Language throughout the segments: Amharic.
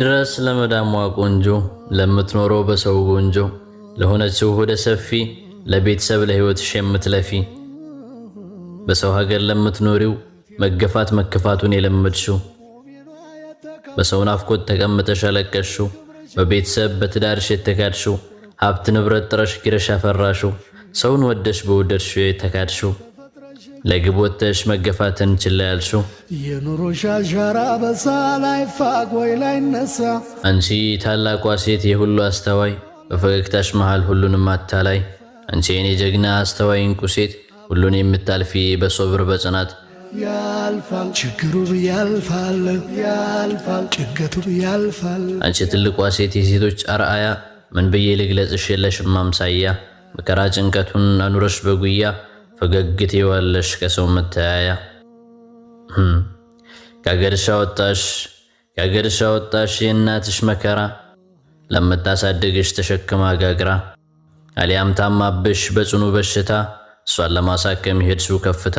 ድረስ ለመዳሟ ቆንጆ ለምትኖረው በሰው ጎንጆ ለሆነችው ሆደ ሰፊ ለቤተሰብ ለሕይወትሽ የምትለፊ በሰው ሀገር ለምትኖሪው መገፋት መከፋቱን የለመድሽው በሰው ናፍቆት ተቀምጠሽ አለቀሽው በቤተሰብ በትዳርሽ የተካድሽው ሀብት ንብረት ጥረሽ ጊረሽ ያፈራሽው ሰውን ወደሽ በወደድሽው የተካድሽው ለግብ ወጥተሽ መገፋትን ችላ ያልሽው የኑሮ ሻሻራ በሳ ላይ ፋቅ ወይ ላይ ነሳ አንቺ ታላቋ ሴት የሁሉ አስተዋይ በፈገግታሽ መሃል ሁሉንም አታላይ አንቺ የኔ ጀግና አስተዋይ እንቁ ሴት ሁሉን የምታልፊ በሶብር በጽናት ያልፋል ችግሩ ያልፋል ያልፋል ጭንቀቱ ያልፋል። አንቺ ትልቋ ሴት የሴቶች አርአያ ምን ብዬ ልግለጽሽ የለሽም ማምሳያ መከራ ጭንቀቱን አኑረሽ በጉያ ፈገግት የዋለሽ ከሰው መተያያ ከአገርሽ ወጣሽ ከአገርሽ ወጣሽ የእናትሽ መከራ ለምታሳድግሽ ተሸክማ ጋግራ አሊያም ታማብሽ በጽኑ በሽታ እሷን ለማሳከም ሄድሱ ከፍታ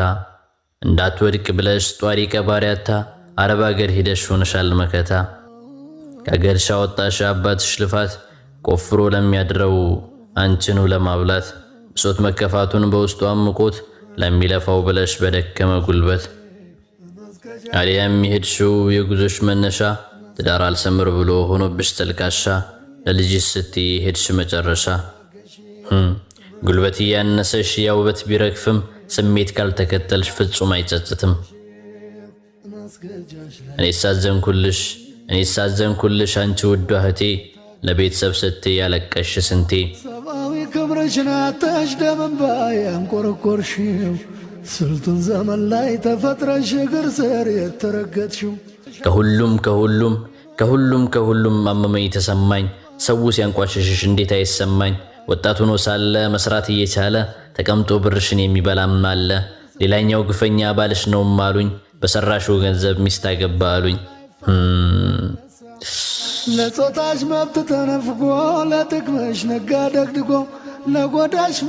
እንዳትወድቅ ብለሽ ጧሪ ቀባሪያታ አረብ አገር ሂደሽ ሆነሻል መከታ ከገርሻ ወጣሽ አባትሽ ልፋት ቆፍሮ ለሚያድረው አንችኑ ለማብላት ሶት መከፋቱን በውስጡ አምቆት ለሚለፋው ብለሽ በደከመ ጉልበት አሊያም የሄድሽው የጉዞሽ መነሻ ትዳር አልሰምር ብሎ ሆኖብሽ ተልካሻ ለልጅሽ ስትይ ሄድሽ መጨረሻ ጉልበት እያነሰሽ ያውበት ቢረግፍም ስሜት ካልተከተልሽ ፍጹም አይጸጽትም። እኔ ሳዘንኩልሽ እኔ ሳዘንኩልሽ አንቺ ውዷ እህቴ ለቤተሰብ ስትይ ያለቀሽ ስንቴ ክብርሽን አተሽ ደምንባ ያንቆረቆርሽው ስልቱን ዘመን ላይ ተፈጥረሽ እግር ስር የተረገጥሽው ከሁሉም ከሁሉም ከሁሉም ከሁሉም አመመኝ ተሰማኝ። ሰው ሲያንቋሸሽሽ እንዴት አይሰማኝ? ወጣት ሆኖ ሳለ መስራት እየቻለ ተቀምጦ ብርሽን የሚበላም አለ። ሌላኛው ግፈኛ ባልሽ ነውም አሉኝ። በሰራሽው ገንዘብ ሚስት አገባ አሉኝ። ለጾታሽ መብት ተነፍጎ ለጥቅምሽ ነጋ ደግድጎ ለጎዳሽ